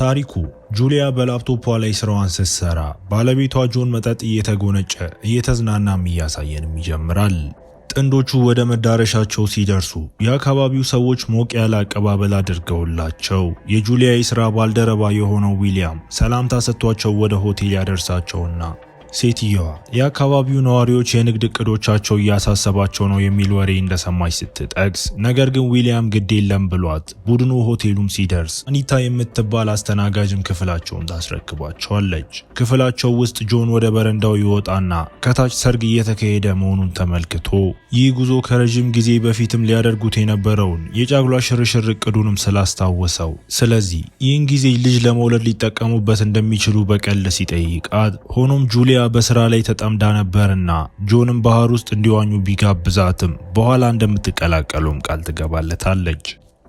ታሪኩ ጁሊያ በላፕቶፖ ላይ ስራዋን ስትሰራ ባለቤቷ ጆን መጠጥ እየተጎነጨ እየተዝናናም እያሳየንም ይጀምራል። ጥንዶቹ ወደ መዳረሻቸው ሲደርሱ የአካባቢው ሰዎች ሞቅ ያለ አቀባበል አድርገውላቸው የጁሊያ የሥራ ባልደረባ የሆነው ዊሊያም ሰላምታ ሰጥቷቸው ወደ ሆቴል ያደርሳቸውና ሴትየዋ የአካባቢው ነዋሪዎች የንግድ እቅዶቻቸው እያሳሰባቸው ነው የሚል ወሬ እንደሰማች ስትጠቅስ፣ ነገር ግን ዊሊያም ግድ የለም ብሏት ቡድኑ ሆቴሉም ሲደርስ አኒታ የምትባል አስተናጋጅም ክፍላቸውን ታስረክባቸዋለች። ክፍላቸው ውስጥ ጆን ወደ በረንዳው ይወጣና ከታች ሰርግ እየተካሄደ መሆኑን ተመልክቶ ይህ ጉዞ ከረዥም ጊዜ በፊትም ሊያደርጉት የነበረውን የጫጉላ ሽርሽር እቅዱንም ስላስታወሰው፣ ስለዚህ ይህን ጊዜ ልጅ ለመውለድ ሊጠቀሙበት እንደሚችሉ በቀል ሲጠይቃት ሆኖም ጁሊያ ሊዲያ በስራ ላይ ተጠምዳ ነበርና ጆንም ባህር ውስጥ እንዲዋኙ ቢጋብዛትም በኋላ እንደምትቀላቀለውም ቃል ትገባለታለች።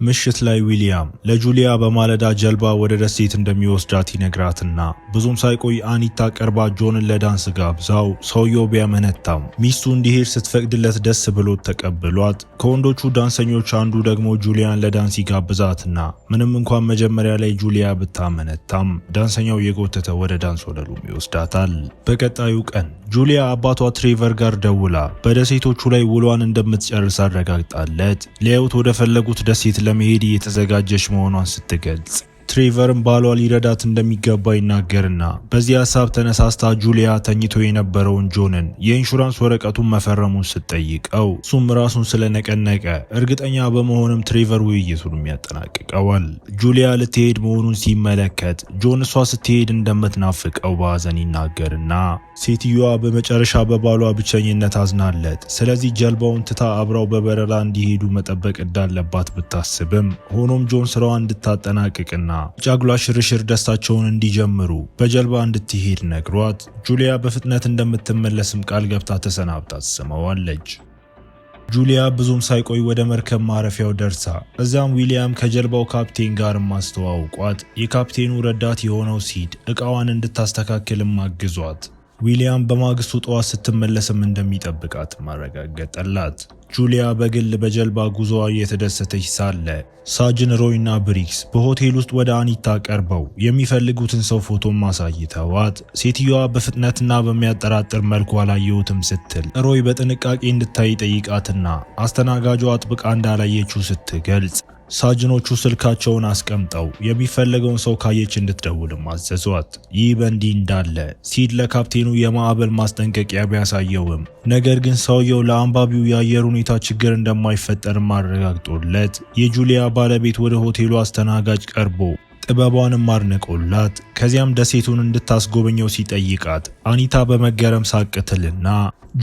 ምሽት ላይ ዊሊያም ለጁሊያ በማለዳ ጀልባ ወደ ደሴት እንደሚወስዳት ይነግራትና ብዙም ሳይቆይ አኒታ ቀርባ ጆንን ለዳንስ ጋብዛው ሰውየው ቢያመነታም ሚስቱ እንዲሄድ ስትፈቅድለት ደስ ብሎት ተቀብሏት። ከወንዶቹ ዳንሰኞች አንዱ ደግሞ ጁሊያን ለዳንስ ይጋብዛትና ምንም እንኳን መጀመሪያ ላይ ጁሊያ ብታመነታም ዳንሰኛው የጎተተ ወደ ዳንስ ወለሉም ይወስዳታል። በቀጣዩ ቀን ጁሊያ አባቷ ትሬቨር ጋር ደውላ በደሴቶቹ ላይ ውሏን እንደምትጨርስ አረጋግጣለት ሊያዩት ወደ ፈለጉት ደሴት ለመሄድ እየተዘጋጀች መሆኗን ስትገልጽ ትሬቨርም ባሏ ሊረዳት እንደሚገባ ይናገርና በዚህ ሀሳብ ተነሳስታ ጁሊያ ተኝቶ የነበረውን ጆንን የኢንሹራንስ ወረቀቱን መፈረሙን ስትጠይቀው እሱም ራሱን ስለነቀነቀ እርግጠኛ በመሆንም ትሬቨር ውይይቱን ያጠናቅቀዋል። ጁሊያ ልትሄድ መሆኑን ሲመለከት ጆን እሷ ስትሄድ እንደምትናፍቀው በሀዘን ይናገርና ሴትዮዋ በመጨረሻ በባሏ ብቸኝነት አዝናለት፣ ስለዚህ ጀልባውን ትታ አብረው በበረራ እንዲሄዱ መጠበቅ እንዳለባት ብታስብም ሆኖም ጆን ስራዋ እንድታጠናቅቅና ጫጉላ ሽርሽር ደስታቸውን እንዲጀምሩ በጀልባ እንድትሄድ ነግሯት ጁሊያ በፍጥነት እንደምትመለስም ቃል ገብታ ተሰናብታ ትስመዋለች። ጁሊያ ብዙም ሳይቆይ ወደ መርከብ ማረፊያው ደርሳ እዚያም ዊሊያም ከጀልባው ካፕቴን ጋር ማስተዋውቋት የካፕቴኑ ረዳት የሆነው ሲድ እቃዋን እንድታስተካክልም አግዟት ዊሊያም በማግስቱ ጠዋት ስትመለስም እንደሚጠብቃት ማረጋገጠላት። ጁሊያ በግል በጀልባ ጉዞዋ እየተደሰተች ሳለ ሳጅን ሮይ እና ብሪክስ በሆቴል ውስጥ ወደ አኒታ ቀርበው የሚፈልጉትን ሰው ፎቶም አሳይተዋት ሴትዮዋ በፍጥነትና በሚያጠራጥር መልኩ አላየሁትም ስትል ሮይ በጥንቃቄ እንድታይ ጠይቃትና አስተናጋጇ አጥብቃ እንዳላየችው ስትገልጽ ሳጅኖቹ ስልካቸውን አስቀምጠው የሚፈለገውን ሰው ካየች እንድትደውልም አዘዟት። ይህ በእንዲህ እንዳለ ሲድ ለካፕቴኑ የማዕበል ማስጠንቀቂያ ቢያሳየውም ነገር ግን ሰውየው ለአንባቢው የአየር ሁኔታ ችግር እንደማይፈጠርም አረጋግጦለት የጁሊያ ባለቤት ወደ ሆቴሉ አስተናጋጅ ቀርቦ ጥበቧንም አድንቆላት ከዚያም ደሴቱን እንድታስጎበኘው ሲጠይቃት አኒታ በመገረም ሳቅትልና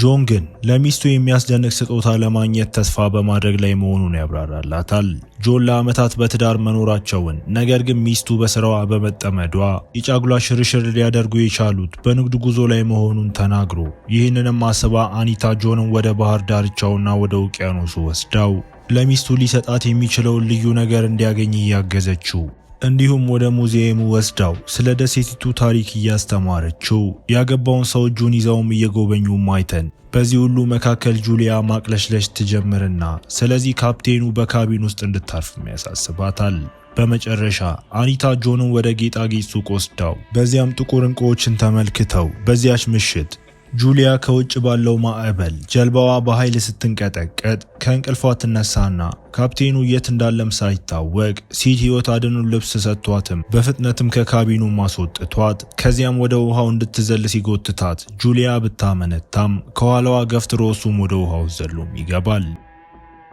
ጆን ግን ለሚስቱ የሚያስደንቅ ስጦታ ለማግኘት ተስፋ በማድረግ ላይ መሆኑን ያብራራላታል። ጆን ለዓመታት በትዳር መኖራቸውን ነገር ግን ሚስቱ በስራዋ በመጠመዷ የጫጉላ ሽርሽር ሊያደርጉ የቻሉት በንግድ ጉዞ ላይ መሆኑን ተናግሮ ይህንንም አስባ አኒታ ጆንን ወደ ባህር ዳርቻውና ወደ ውቅያኖሱ ወስዳው ለሚስቱ ሊሰጣት የሚችለውን ልዩ ነገር እንዲያገኝ እያገዘችው እንዲሁም ወደ ሙዚየሙ ወስዳው ስለ ደሴቲቱ ታሪክ እያስተማረችው ያገባውን ሰው እጁን ይዘውም እየጎበኙ ማይተን በዚህ ሁሉ መካከል ጁሊያ ማቅለሽለሽ ትጀምርና ስለዚህ ካፕቴኑ በካቢን ውስጥ እንድታርፍም ያሳስባታል። በመጨረሻ አኒታ ጆንን ወደ ጌጣጌጥ ሱቅ ወስዳው በዚያም ጥቁር ዕንቁዎችን ተመልክተው በዚያች ምሽት ጁሊያ ከውጭ ባለው ማዕበል ጀልባዋ በኃይል ስትንቀጠቀጥ ከእንቅልፏ ትነሳና ካፕቴኑ የት እንዳለም ሳይታወቅ ሲድ ህይወት አድኑ ልብስ ሰጥቷትም በፍጥነትም ከካቢኑ ማስወጥቷት ከዚያም ወደ ውሃው እንድትዘል ሲጎትታት ጁሊያ ብታመነታም ከኋላዋ ገፍትሮ እሱም ወደ ውሃው ዘሎም ይገባል።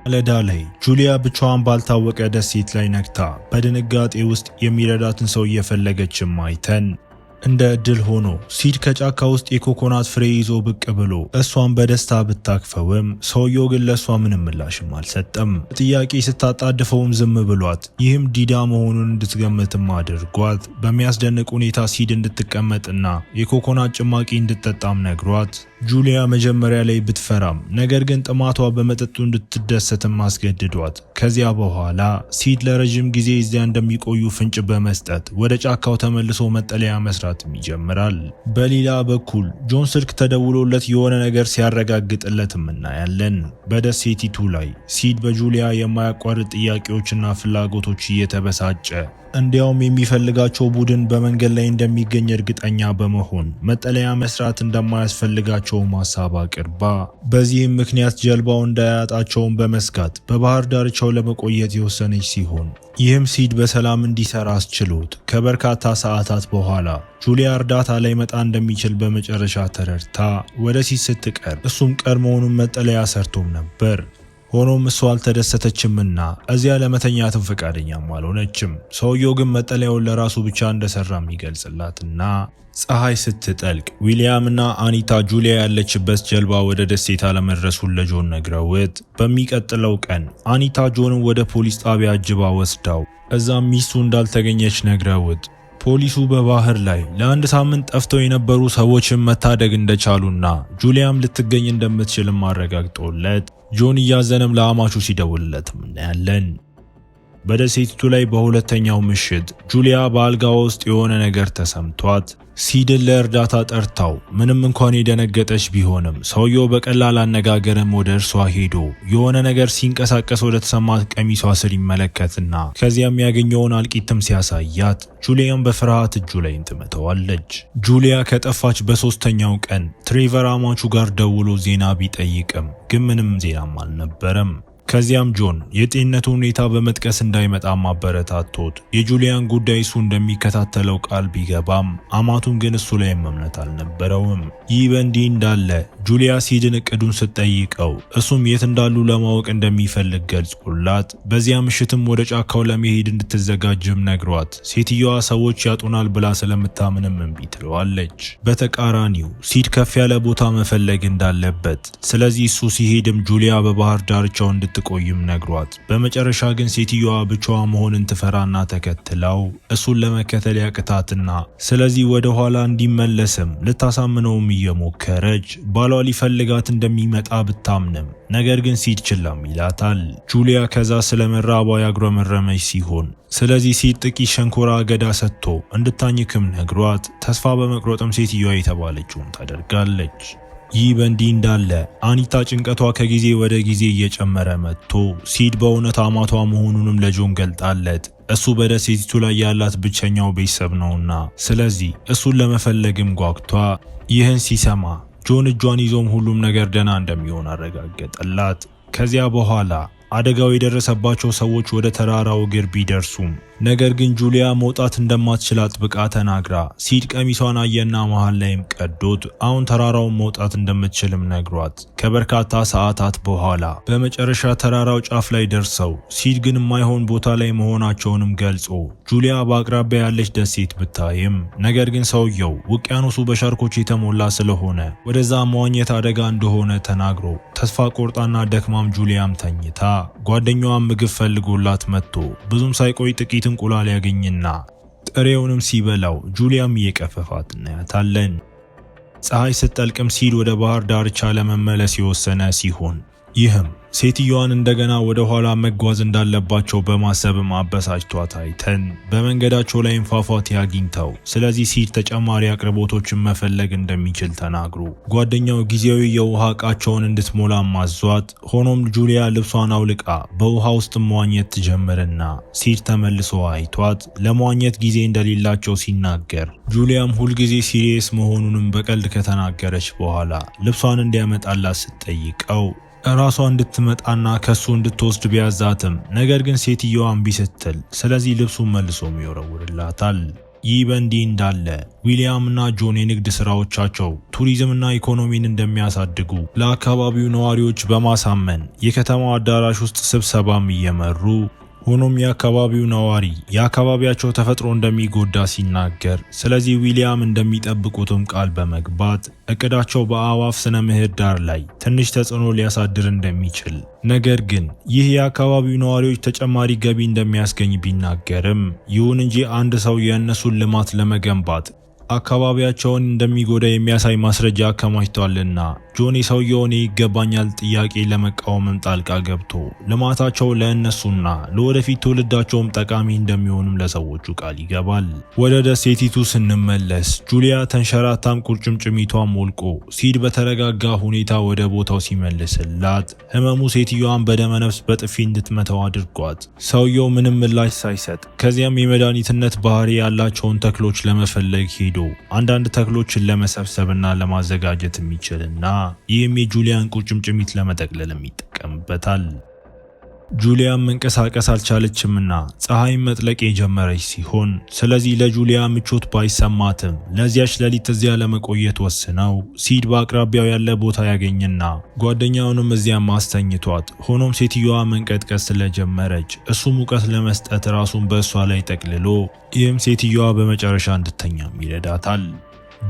ማለዳ ላይ ጁሊያ ብቻዋን ባልታወቀ ደሴት ላይ ነግታ በድንጋጤ ውስጥ የሚረዳትን ሰው እየፈለገችም አይተን እንደ እድል ሆኖ ሲድ ከጫካ ውስጥ የኮኮናት ፍሬ ይዞ ብቅ ብሎ እሷን በደስታ ብታክፈውም ሰውየው ግን ለእሷ ምንም ምላሽም አልሰጠም። ጥያቄ ስታጣድፈውም ዝም ብሏት፣ ይህም ዲዳ መሆኑን እንድትገምትም አድርጓት በሚያስደንቅ ሁኔታ ሲድ እንድትቀመጥና የኮኮናት ጭማቂ እንድትጠጣም ነግሯት ጁሊያ መጀመሪያ ላይ ብትፈራም ነገር ግን ጥማቷ በመጠጡ እንድትደሰትም አስገድዷት። ከዚያ በኋላ ሲድ ለረዥም ጊዜ እዚያ እንደሚቆዩ ፍንጭ በመስጠት ወደ ጫካው ተመልሶ መጠለያ መስራትም ይጀምራል። በሌላ በኩል ጆን ስልክ ተደውሎለት የሆነ ነገር ሲያረጋግጥለትም እናያለን። በደሴቲቱ ላይ ሲድ በጁሊያ የማያቋርጥ ጥያቄዎችና ፍላጎቶች እየተበሳጨ እንዲያውም የሚፈልጋቸው ቡድን በመንገድ ላይ እንደሚገኝ እርግጠኛ በመሆን መጠለያ መስራት እንደማያስፈልጋቸው ያላቸውም ሀሳብ አቅርባ በዚህም ምክንያት ጀልባው እንዳያጣቸውን በመስጋት በባህር ዳርቻው ለመቆየት የወሰነች ሲሆን ይህም ሲድ በሰላም እንዲሰራ አስችሎት ከበርካታ ሰዓታት በኋላ ጁሊያ እርዳታ ላይመጣ እንደሚችል በመጨረሻ ተረድታ ወደ ሲድ ስትቀርብ እሱም ቀድሞውንም መጠለያ ሰርቶም ነበር። ሆኖም እሷ አልተደሰተችምና እዚያ ለመተኛትም ፈቃደኛም አልሆነችም። ሰውየው ግን መጠለያውን ለራሱ ብቻ እንደሰራም ይገልጽላትና ፀሐይ ስትጠልቅ ዊሊያምና አኒታ ጁሊያ ያለችበት ጀልባ ወደ ደሴታ ለመድረሱን ለጆን ነግረውት፣ በሚቀጥለው ቀን አኒታ ጆንን ወደ ፖሊስ ጣቢያ አጅባ ወስዳው እዛም ሚስቱ እንዳልተገኘች ነግረውት ፖሊሱ በባህር ላይ ለአንድ ሳምንት ጠፍተው የነበሩ ሰዎችን መታደግ እንደቻሉና ጁሊያም ልትገኝ እንደምትችልም አረጋግጦለት ጆን እያዘነም ለአማቹ ሲደውልለትም እናያለን። በደሴቲቱ ላይ በሁለተኛው ምሽት ጁሊያ በአልጋ ውስጥ የሆነ ነገር ተሰምቷት ሲድን ለእርዳታ ጠርታው ምንም እንኳን የደነገጠች ቢሆንም ሰውየው በቀላል አነጋገርም ወደ እርሷ ሄዶ የሆነ ነገር ሲንቀሳቀስ ወደ ተሰማት ቀሚሷ ስር ይመለከትና ከዚያም ያገኘውን አልቂትም ሲያሳያት ጁሊያም በፍርሃት እጁ ላይ ትመተዋለች። ጁሊያ ከጠፋች በሶስተኛው ቀን ትሬቨር አማቹ ጋር ደውሎ ዜና ቢጠይቅም ግን ምንም ዜናም አልነበረም። ከዚያም ጆን የጤንነቱ ሁኔታ በመጥቀስ እንዳይመጣ ማበረታቶት የጁሊያን ጉዳይ እሱ እንደሚከታተለው ቃል ቢገባም አማቱን ግን እሱ ላይ መምነት አልነበረውም። ይህ በእንዲህ እንዳለ ጁሊያ ሲድን እቅዱን ስትጠይቀው እሱም የት እንዳሉ ለማወቅ እንደሚፈልግ ገልጾላት በዚያ ምሽትም ወደ ጫካው ለመሄድ እንድትዘጋጅም ነግሯት ሴትየዋ ሰዎች ያጡናል ብላ ስለምታምንም እምቢ ትለዋለች። በተቃራኒው ሲድ ከፍ ያለ ቦታ መፈለግ እንዳለበት ስለዚህ እሱ ሲሄድም ጁሊያ በባህር ዳርቻው እንድት እንድትቆይም ነግሯት፣ በመጨረሻ ግን ሴትዮዋ ብቻዋ መሆንን ትፈራና ተከትለው እሱን ለመከተል ያቅታትና ስለዚህ ወደ ኋላ እንዲመለስም ልታሳምነውም እየሞከረች ባሏ ሊፈልጋት እንደሚመጣ ብታምንም ነገር ግን ሲድ ችላም ይላታል። ጁሊያ ከዛ ስለ መራቧ ያጉረመረመች ሲሆን ስለዚህ ሲድ ጥቂት ሸንኮራ አገዳ ሰጥቶ እንድታኝክም ነግሯት ተስፋ በመቁረጥም ሴትዮዋ የተባለችውን ታደርጋለች። ይህ በእንዲህ እንዳለ አኒታ ጭንቀቷ ከጊዜ ወደ ጊዜ እየጨመረ መጥቶ ሲድ በእውነት አማቷ መሆኑንም ለጆን ገልጣለት እሱ በደሴቲቱ ላይ ያላት ብቸኛው ቤተሰብ ነውና፣ ስለዚህ እሱን ለመፈለግም ጓግቷ ይህን ሲሰማ ጆን እጇን ይዞም ሁሉም ነገር ደና እንደሚሆን አረጋገጠላት። ከዚያ በኋላ አደጋው የደረሰባቸው ሰዎች ወደ ተራራው እግር ቢደርሱም ነገር ግን ጁሊያ መውጣት እንደማትችል አጥብቃ ተናግራ ሲድ ቀሚሷን አየና መሃል ላይም ቀዶት አሁን ተራራውን መውጣት እንደምትችልም ነግሯት ከበርካታ ሰዓታት በኋላ በመጨረሻ ተራራው ጫፍ ላይ ደርሰው ሲድ ግን የማይሆን ቦታ ላይ መሆናቸውንም ገልጾ ጁሊያ በአቅራቢያ ያለች ደሴት ብታይም ነገር ግን ሰውየው ውቅያኖሱ በሻርኮች የተሞላ ስለሆነ ወደዛ መዋኘት አደጋ እንደሆነ ተናግሮ ተስፋ ቆርጣና ደክማም ጁሊያም ተኝታ ጓደኛዋን ምግብ ፈልጎላት መጥቶ ብዙም ሳይቆይ ጥቂት እንቁላል ያገኝና ጥሬውንም ሲበላው ጁሊያም እየቀፈፋት እናያታለን። ፀሐይ ስትጠልቅም ሲል ወደ ባህር ዳርቻ ለመመለስ የወሰነ ሲሆን ይህም ሴትዮዋን እንደገና ወደ ኋላ መጓዝ እንዳለባቸው በማሰብም አበሳጭቷት ታይተን በመንገዳቸው ላይም ፏፏቴ አግኝተው ስለዚህ ሲድ ተጨማሪ አቅርቦቶችን መፈለግ እንደሚችል ተናግሮ ጓደኛው ጊዜያዊ የውሃ እቃቸውን እንድትሞላ ማዟት። ሆኖም ጁሊያ ልብሷን አውልቃ በውሃ ውስጥ መዋኘት ትጀምርና ሲድ ተመልሶ አይቷት ለመዋኘት ጊዜ እንደሌላቸው ሲናገር ጁሊያም ሁልጊዜ ሲሪየስ መሆኑንም በቀልድ ከተናገረች በኋላ ልብሷን እንዲያመጣላት ስትጠይቀው እራሷ እንድትመጣና ከሱ እንድትወስድ ቢያዛትም ነገር ግን ሴትየዋ እምቢ ስትል፣ ስለዚህ ልብሱን መልሶም ይወረውርላታል። ይህ በእንዲህ እንዳለ ዊሊያም ና ጆን የንግድ ስራዎቻቸው ቱሪዝምና ኢኮኖሚን እንደሚያሳድጉ ለአካባቢው ነዋሪዎች በማሳመን የከተማው አዳራሽ ውስጥ ስብሰባም እየመሩ ሆኖም የአካባቢው ነዋሪ የአካባቢያቸው ተፈጥሮ እንደሚጎዳ ሲናገር፣ ስለዚህ ዊሊያም እንደሚጠብቁትም ቃል በመግባት እቅዳቸው በአዕዋፍ ስነ ምህዳር ላይ ትንሽ ተጽዕኖ ሊያሳድር እንደሚችል ነገር ግን ይህ የአካባቢው ነዋሪዎች ተጨማሪ ገቢ እንደሚያስገኝ ቢናገርም፣ ይሁን እንጂ አንድ ሰው የእነሱን ልማት ለመገንባት አካባቢያቸውን እንደሚጎዳ የሚያሳይ ማስረጃ አከማችቷልና ጆኒ ሰውየውን ይገባኛል ጥያቄ ለመቃወምም ጣልቃ ገብቶ ልማታቸው ለእነሱና ለወደፊት ትውልዳቸውም ጠቃሚ እንደሚሆንም ለሰዎቹ ቃል ይገባል። ወደ ደሴቲቱ ስንመለስ ጁሊያ ተንሸራታም ቁርጭምጭሚቷን ሞልቆ ሲድ በተረጋጋ ሁኔታ ወደ ቦታው ሲመልስላት ህመሙ ሴትዮዋን በደመነፍስ በጥፊ እንድትመተው አድርጓት ሰውየው ምንም ምላሽ ሳይሰጥ ከዚያም የመድኃኒትነት ባህሪ ያላቸውን ተክሎች ለመፈለግ ሄዶ አንዳንድ ተክሎችን ለመሰብሰብና ለማዘጋጀት የሚችልና ይህም የጁሊያን ቁርጭምጭሚት ለመጠቅለልም ይጠቀምበታል። ጁሊያን መንቀሳቀስ አልቻለችምና ፀሐይን መጥለቅ የጀመረች ሲሆን ስለዚህ ለጁሊያ ምቾት ባይሰማትም ለዚያች ሌሊት እዚያ ለመቆየት ወስነው ሲድ በአቅራቢያው ያለ ቦታ ያገኝና ጓደኛውንም እዚያ ማስተኝቷት፣ ሆኖም ሴትዮዋ መንቀጥቀስ ስለጀመረች እሱ ሙቀት ለመስጠት ራሱን በእሷ ላይ ጠቅልሎ ይህም ሴትዮዋ በመጨረሻ እንድተኛም ይረዳታል።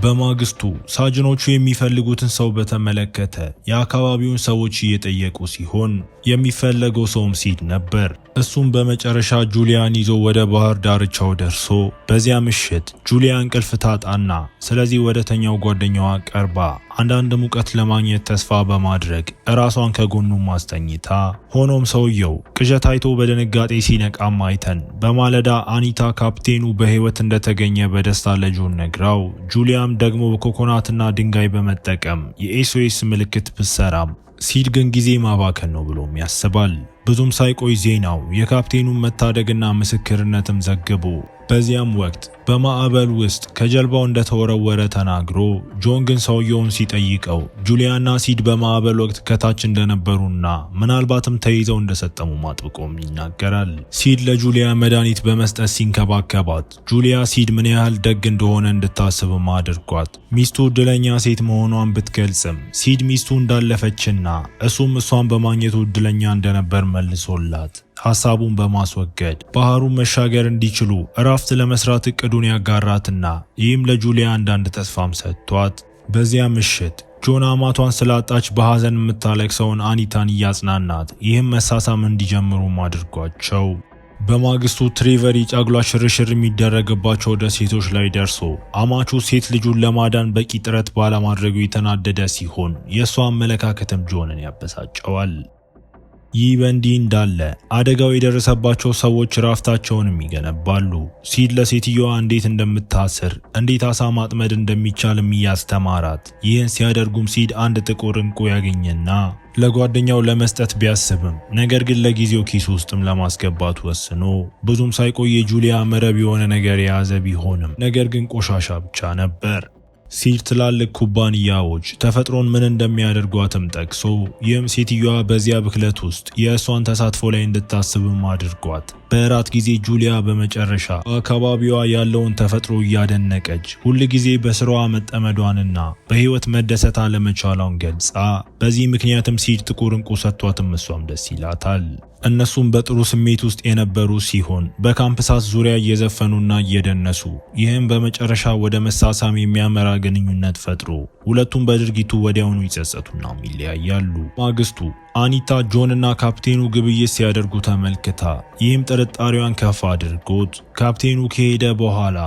በማግስቱ ሳጅኖቹ የሚፈልጉትን ሰው በተመለከተ የአካባቢውን ሰዎች እየጠየቁ ሲሆን የሚፈለገው ሰውም ሲድ ነበር። እሱም በመጨረሻ ጁሊያን ይዞ ወደ ባህር ዳርቻው ደርሶ በዚያ ምሽት ጁሊያን እንቅልፍ ታጣና ስለዚህ ወደ ተኛው ጓደኛዋ ቀርባ አንዳንድ ሙቀት ለማግኘት ተስፋ በማድረግ እራሷን ከጎኑ ማስተኝታ ሆኖም ሰውየው ቅዠት አይቶ በድንጋጤ ሲነቃም አይተን በማለዳ አኒታ ካፕቴኑ በህይወት እንደተገኘ በደስታ ለጆን ነግራው፣ ጁሊያም ደግሞ በኮኮናትና ድንጋይ በመጠቀም የኤስኦኤስ ምልክት ብትሰራም ሲድ ግን ጊዜ ማባከን ነው ብሎም ያስባል። ብዙም ሳይቆይ ዜናው የካፕቴኑን መታደግና ምስክርነትም ዘግቦ በዚያም ወቅት በማዕበል ውስጥ ከጀልባው እንደተወረወረ ተናግሮ ጆን ግን ሰውየውን ሲጠይቀው ጁሊያና ሲድ በማዕበል ወቅት ከታች እንደነበሩና ምናልባትም ተይዘው እንደሰጠሙ አጥብቆም ይናገራል። ሲድ ለጁሊያ መድኃኒት በመስጠት ሲንከባከባት ጁሊያ ሲድ ምን ያህል ደግ እንደሆነ እንድታስብም አድርጓት ሚስቱ እድለኛ ሴት መሆኗን ብትገልጽም ሲድ ሚስቱ እንዳለፈችና እሱም እሷን በማግኘቱ እድለኛ እንደነበር መልሶላት ሐሳቡን በማስወገድ ባህሩን መሻገር እንዲችሉ እራፍት ለመስራት እቅዱን ያጋራትና ይህም ለጁሊያ አንዳንድ ተስፋም ሰጥቷት፣ በዚያ ምሽት ጆን አማቷን ስላጣች በሐዘን የምታለቅሰውን አኒታን እያጽናናት ይህም መሳሳም እንዲጀምሩም አድርጓቸው። በማግስቱ ትሬቨር የጫጉላ ሽርሽር የሚደረግባቸው ደሴቶች ላይ ደርሶ አማቹ ሴት ልጁን ለማዳን በቂ ጥረት ባለማድረጉ የተናደደ ሲሆን የእሷ አመለካከትም ጆንን ያበሳጨዋል። ይህ በእንዲህ እንዳለ አደጋው የደረሰባቸው ሰዎች ራፍታቸውንም ይገነባሉ። ሲድ ለሴትዮዋ እንዴት እንደምታስር እንዴት አሳ ማጥመድ እንደሚቻልም እያስተማራት፣ ይህን ሲያደርጉም ሲድ አንድ ጥቁር እንቁ ያገኘና ለጓደኛው ለመስጠት ቢያስብም ነገር ግን ለጊዜው ኪስ ውስጥም ለማስገባት ወስኖ ብዙም ሳይቆይ የጁሊያ መረብ የሆነ ነገር የያዘ ቢሆንም ነገር ግን ቆሻሻ ብቻ ነበር። ሲል ትላልቅ ኩባንያዎች ተፈጥሮን ምን እንደሚያደርጓትም ጠቅሶ ይህም ሴትዮዋ በዚያ ብክለት ውስጥ የእሷን ተሳትፎ ላይ እንድታስብም አድርጓት በእራት ጊዜ ጁሊያ በመጨረሻ በአካባቢዋ ያለውን ተፈጥሮ እያደነቀች ሁል ጊዜ በስራዋ መጠመዷንና በህይወት መደሰት አለመቻሏን ገልጻ በዚህ ምክንያትም ሲድ ጥቁር እንቁ ሰጥቷትም እሷም ደስ ይላታል። እነሱም በጥሩ ስሜት ውስጥ የነበሩ ሲሆን በካምፕሳት ዙሪያ እየዘፈኑና እየደነሱ ይህም በመጨረሻ ወደ መሳሳም የሚያመራ ግንኙነት ፈጥሮ ሁለቱም በድርጊቱ ወዲያውኑ ይጸጸቱና ይለያያሉ። ማግስቱ አኒታ ጆን እና ካፕቴኑ ግብይት ሲያደርጉ ተመልክታ ይህም ጥርጣሬዋን ከፍ አድርጎት ካፕቴኑ ከሄደ በኋላ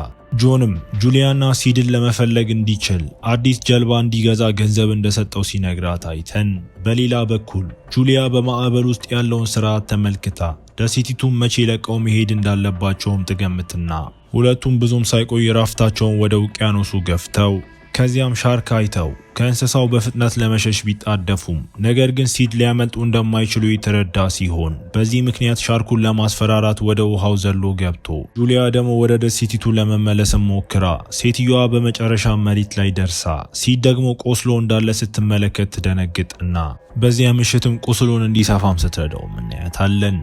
ጆንም ጁሊያና ሲድን ለመፈለግ እንዲችል አዲስ ጀልባ እንዲገዛ ገንዘብ እንደሰጠው ሲነግራት አይተን፣ በሌላ በኩል ጁሊያ በማዕበል ውስጥ ያለውን ስርዓት ተመልክታ ደሴቲቱን መቼ ለቀው መሄድ እንዳለባቸውም ትገምትና ሁለቱም ብዙም ሳይቆይ ራፍታቸውን ወደ ውቅያኖሱ ገፍተው ከዚያም ሻርክ አይተው ከእንስሳው በፍጥነት ለመሸሽ ቢጣደፉም ነገር ግን ሲድ ሊያመልጡ እንደማይችሉ የተረዳ ሲሆን በዚህ ምክንያት ሻርኩን ለማስፈራራት ወደ ውሃው ዘሎ ገብቶ ጁሊያ ደግሞ ወደ ደሴቲቱ ለመመለስም ሞክራ ሴትዮዋ በመጨረሻ መሬት ላይ ደርሳ ሲድ ደግሞ ቆስሎ እንዳለ ስትመለከት ትደነግጥና በዚያ ምሽትም ቁስሉን እንዲሰፋም ስትረዳው እናያታለን።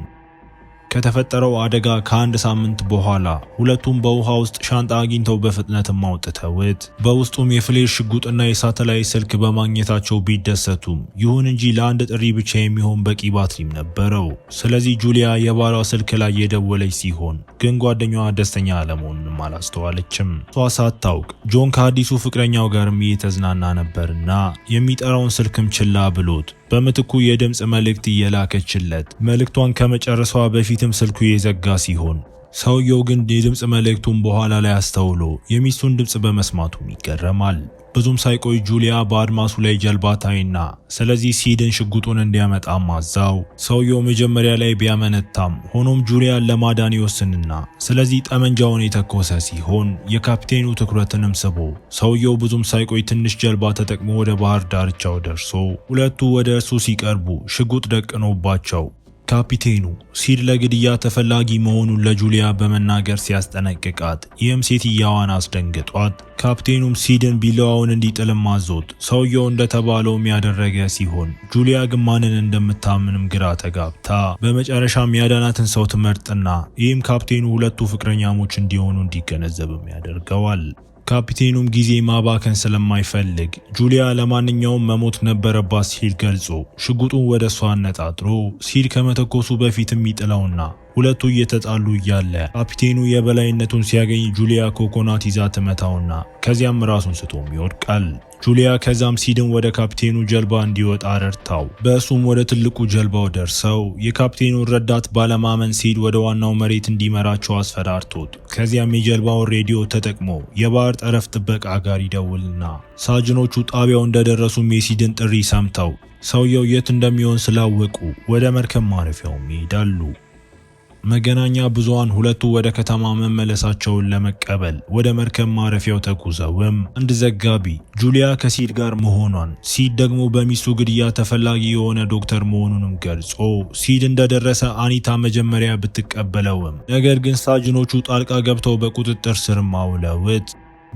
ከተፈጠረው አደጋ ከአንድ ሳምንት በኋላ ሁለቱም በውሃ ውስጥ ሻንጣ አግኝተው በፍጥነትም አውጥተውት በውስጡም የፍሌር ሽጉጥና የሳተላይት ስልክ በማግኘታቸው ቢደሰቱም ይሁን እንጂ ለአንድ ጥሪ ብቻ የሚሆን በቂ ባትሪም ነበረው። ስለዚህ ጁሊያ የባሏ ስልክ ላይ የደወለች ሲሆን ግን ጓደኛዋ ደስተኛ አለመሆኑንም አላስተዋለችም። እሷ ሳታውቅ ጆን ከአዲሱ ፍቅረኛው ጋርም እየተዝናና ነበርና የሚጠራውን ስልክም ችላ ብሎት በምትኩ የድምፅ መልእክት እየላከችለት መልእክቷን ከመጨረሷ በፊትም ስልኩ የዘጋ ሲሆን ሰውየው ግን የድምፅ መልእክቱን በኋላ ላይ አስተውሎ የሚስቱን ድምፅ በመስማቱም ይገረማል። ብዙም ሳይቆይ ጁሊያ በአድማሱ ላይ ጀልባ ታይና፣ ስለዚህ ሲድን ሽጉጡን እንዲያመጣም አዛው። ሰውየው መጀመሪያ ላይ ቢያመነታም፣ ሆኖም ጁሊያን ለማዳን ይወስንና ስለዚህ ጠመንጃውን የተኮሰ ሲሆን የካፕቴኑ ትኩረትንም ስቦ ሰውየው ብዙም ሳይቆይ ትንሽ ጀልባ ተጠቅሞ ወደ ባህር ዳርቻው ደርሶ ሁለቱ ወደ እርሱ ሲቀርቡ ሽጉጥ ደቅኖባቸው ካፒቴኑ ሲድ ለግድያ ተፈላጊ መሆኑን ለጁሊያ በመናገር ሲያስጠነቅቃት ይህም ሴትየዋን አስደንግጧት ካፕቴኑም ሲድን ቢላዋውን እንዲጥልም አዞት ሰውየው እንደተባለውም ያደረገ ሲሆን ጁሊያ ግማንን እንደምታምንም ግራ ተጋብታ በመጨረሻም ያዳናትን ሰው ትመርጥና ይህም ካፕቴኑ ሁለቱ ፍቅረኛሞች እንዲሆኑ እንዲገነዘብም ያደርገዋል። ካፒቴኑም ጊዜ ማባከን ስለማይፈልግ ጁሊያ ለማንኛውም መሞት ነበረባት ሲል ገልጾ ሽጉጡን ወደ እሷ አነጣጥሮ ሲል ከመተኮሱ በፊት የሚጥለውና ሁለቱ እየተጣሉ እያለ ካፒቴኑ የበላይነቱን ሲያገኝ ጁሊያ ኮኮናት ይዛ ትመታውና ከዚያም ራሱን ስቶም ይወድቃል። ጁሊያ ከዛም ሲድን ወደ ካፕቴኑ ጀልባ እንዲወጣ ረድታው በእሱም ወደ ትልቁ ጀልባው ደርሰው የካፕቴኑን ረዳት ባለማመን ሲድ ወደ ዋናው መሬት እንዲመራቸው አስፈራርቶት ከዚያም የጀልባውን ሬዲዮ ተጠቅሞ የባህር ጠረፍ ጥበቃ ጋር ይደውልና ሳጅኖቹ ጣቢያው እንደደረሱም የሲድን ጥሪ ሰምተው ሰውየው የት እንደሚሆን ስላወቁ ወደ መርከብ ማረፊያውም ይሄዳሉ። መገናኛ ብዙሃን ሁለቱ ወደ ከተማ መመለሳቸውን ለመቀበል ወደ መርከብ ማረፊያው ተጉዘውም አንድ ዘጋቢ ጁሊያ ከሲድ ጋር መሆኗን፣ ሲድ ደግሞ በሚስቱ ግድያ ተፈላጊ የሆነ ዶክተር መሆኑንም ገልጾ ሲድ እንደደረሰ አኒታ መጀመሪያ ብትቀበለውም ነገር ግን ሳጅኖቹ ጣልቃ ገብተው በቁጥጥር ስር ማውለውት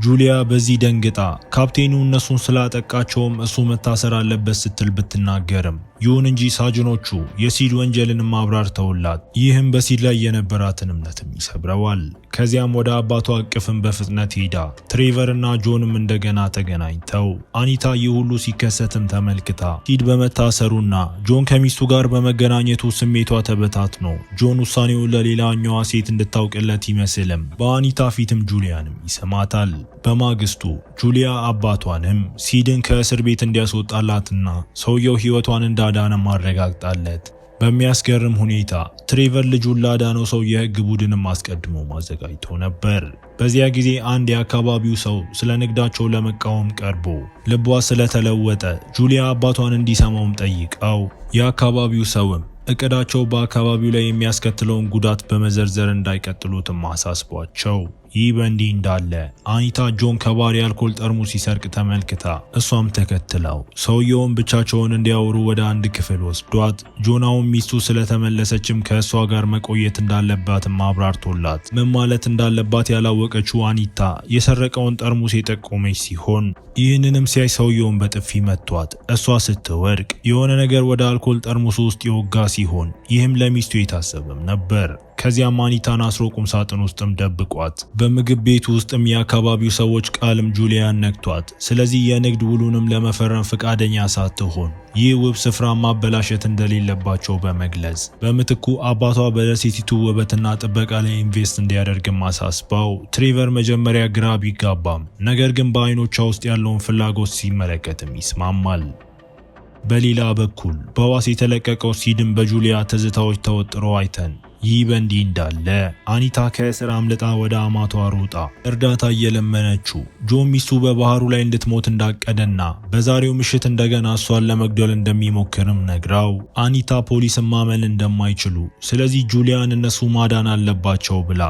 ጁሊያ በዚህ ደንግጣ ካፕቴኑ እነሱን ስላጠቃቸውም እሱ መታሰር አለበት ስትል ብትናገርም ይሁን እንጂ ሳጅኖቹ የሲድ ወንጀልንም አብራርተውላት ይህም በሲድ ላይ የነበራትን እምነትም ይሰብረዋል። ከዚያም ወደ አባቷ እቅፍም በፍጥነት ሄዳ ትሬቨርና ጆንም እንደገና ተገናኝተው አኒታ ይህ ሁሉ ሲከሰትም ተመልክታ ሲድ በመታሰሩና ጆን ከሚስቱ ጋር በመገናኘቱ ስሜቷ ተበታትኖ ጆን ውሳኔውን ለሌላኛዋ ሴት እንድታውቅለት ይመስልም በአኒታ ፊትም ጁሊያንም ይሰማታል። በማግስቱ ጁሊያ አባቷንም ሲድን ከእስር ቤት እንዲያስወጣላትና ሰውየው ሕይወቷን እንዳዳነ ማረጋግጣለት። በሚያስገርም ሁኔታ ትሬቨር ልጁን ላዳነው ሰው የህግ ቡድንም አስቀድሞ ማዘጋጅቶ ነበር። በዚያ ጊዜ አንድ የአካባቢው ሰው ስለ ንግዳቸው ለመቃወም ቀርቦ ልቧ ስለተለወጠ ጁሊያ አባቷን እንዲሰማውም ጠይቀው የአካባቢው ሰውም እቅዳቸው በአካባቢው ላይ የሚያስከትለውን ጉዳት በመዘርዘር እንዳይቀጥሉትም አሳስቧቸው ይህ በእንዲህ እንዳለ አኒታ ጆን ከባሪ አልኮል ጠርሙስ ሲሰርቅ ተመልክታ እሷም ተከትለው ሰውየውን ብቻቸውን እንዲያወሩ ወደ አንድ ክፍል ወስዷት ጆናውን ሚስቱ ስለተመለሰችም ከእሷ ጋር መቆየት እንዳለባትም አብራርቶላት ምን ማለት እንዳለባት ያላወቀችው አኒታ የሰረቀውን ጠርሙስ የጠቆመች ሲሆን ይህንንም ሲያይ ሰውየውን በጥፊ መቷት። እሷ ስትወድቅ የሆነ ነገር ወደ አልኮል ጠርሙሱ ውስጥ የወጋ ሲሆን ይህም ለሚስቱ የታሰበም ነበር። ከዚያም አኒታን አስሮ ቁም ሳጥን ውስጥም ደብቋት፣ በምግብ ቤት ውስጥም የአካባቢው ሰዎች ቃልም ጁሊያን ነክቷት ስለዚህ የንግድ ውሉንም ለመፈረም ፈቃደኛ ሳትሆን ይህ ውብ ስፍራ ማበላሸት እንደሌለባቸው በመግለጽ በምትኩ አባቷ በደሴቲቱ ውበትና ጥበቃ ላይ ኢንቨስት እንዲያደርግም አሳስባው፣ ትሬቨር መጀመሪያ ግራ ቢጋባም ነገር ግን በአይኖቿ ውስጥ ያለውን ፍላጎት ሲመለከትም ይስማማል። በሌላ በኩል በዋስ የተለቀቀው ሲድን በጁሊያ ትዝታዎች ተወጥሮ አይተን ይህ በእንዲህ እንዳለ አኒታ ከእስር አምልጣ ወደ አማቷ ሮጣ እርዳታ እየለመነችው ጆ ሚስቱ በባህሩ ላይ እንድትሞት እንዳቀደና በዛሬው ምሽት እንደገና እሷን ለመግደል እንደሚሞክርም ነግራው አኒታ ፖሊስን ማመን እንደማይችሉ ስለዚህ ጁሊያን እነሱ ማዳን አለባቸው ብላ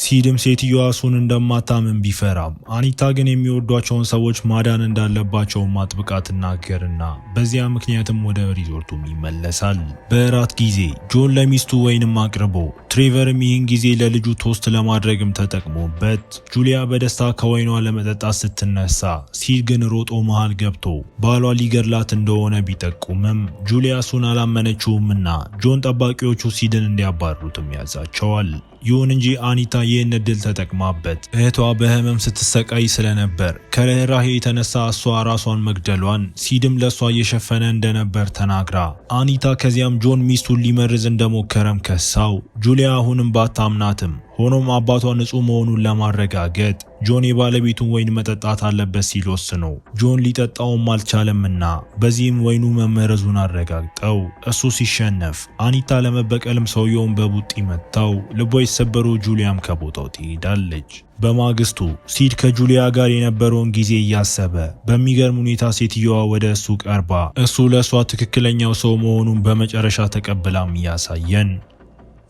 ሲድም ሴትዮዋ እሱን እንደማታምን ቢፈራም አኒታ ግን የሚወዷቸውን ሰዎች ማዳን እንዳለባቸው ማጥብቃ ትናገርና በዚያ ምክንያትም ወደ ሪዞርቱም ይመለሳል። በእራት ጊዜ ጆን ለሚስቱ ወይንም አቅርቦ ትሬቨርም ይህን ጊዜ ለልጁ ቶስት ለማድረግም ተጠቅሞበት ጁሊያ በደስታ ከወይኗ ለመጠጣት ስትነሳ ሲድ ግን ሮጦ መሃል ገብቶ ባሏ ሊገድላት እንደሆነ ቢጠቁምም ጁሊያ እሱን አላመነችውምና ጆን ጠባቂዎቹ ሲድን እንዲያባሩትም ያዛቸዋል። ይሁን እንጂ አኒታ ይህን እድል ተጠቅማበት እህቷ በህመም ስትሰቃይ ስለነበር ከርኅራሄ የተነሳ እሷ ራሷን መግደሏን ሲድም ለእሷ እየሸፈነ እንደነበር ተናግራ አኒታ ከዚያም ጆን ሚስቱን ሊመርዝ እንደሞከረም ከሳው። ጁሊያ አሁንም ባታምናትም ሆኖም አባቷ ንጹህ መሆኑን ለማረጋገጥ ጆን የባለቤቱን ወይን መጠጣት አለበት ሲል ወስኖ ጆን ሊጠጣውም አልቻለምና በዚህም ወይኑ መመረዙን አረጋግጠው እሱ ሲሸነፍ አኒታ ለመበቀልም ሰውየውን በቡጢ መታው። ልቧ የሰበረው ጁሊያም ከቦታው ትሄዳለች። በማግስቱ ሲድ ከጁሊያ ጋር የነበረውን ጊዜ እያሰበ በሚገርም ሁኔታ ሴትየዋ ወደ እሱ ቀርባ እሱ ለእሷ ትክክለኛው ሰው መሆኑን በመጨረሻ ተቀብላም እያሳየን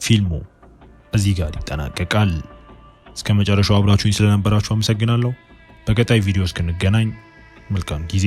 ፊልሙ እዚህ ጋር ይጠናቀቃል። እስከ መጨረሻው አብራችሁኝ ስለነበራችሁ አመሰግናለሁ። በቀጣይ ቪዲዮ እስክንገናኝ መልካም ጊዜ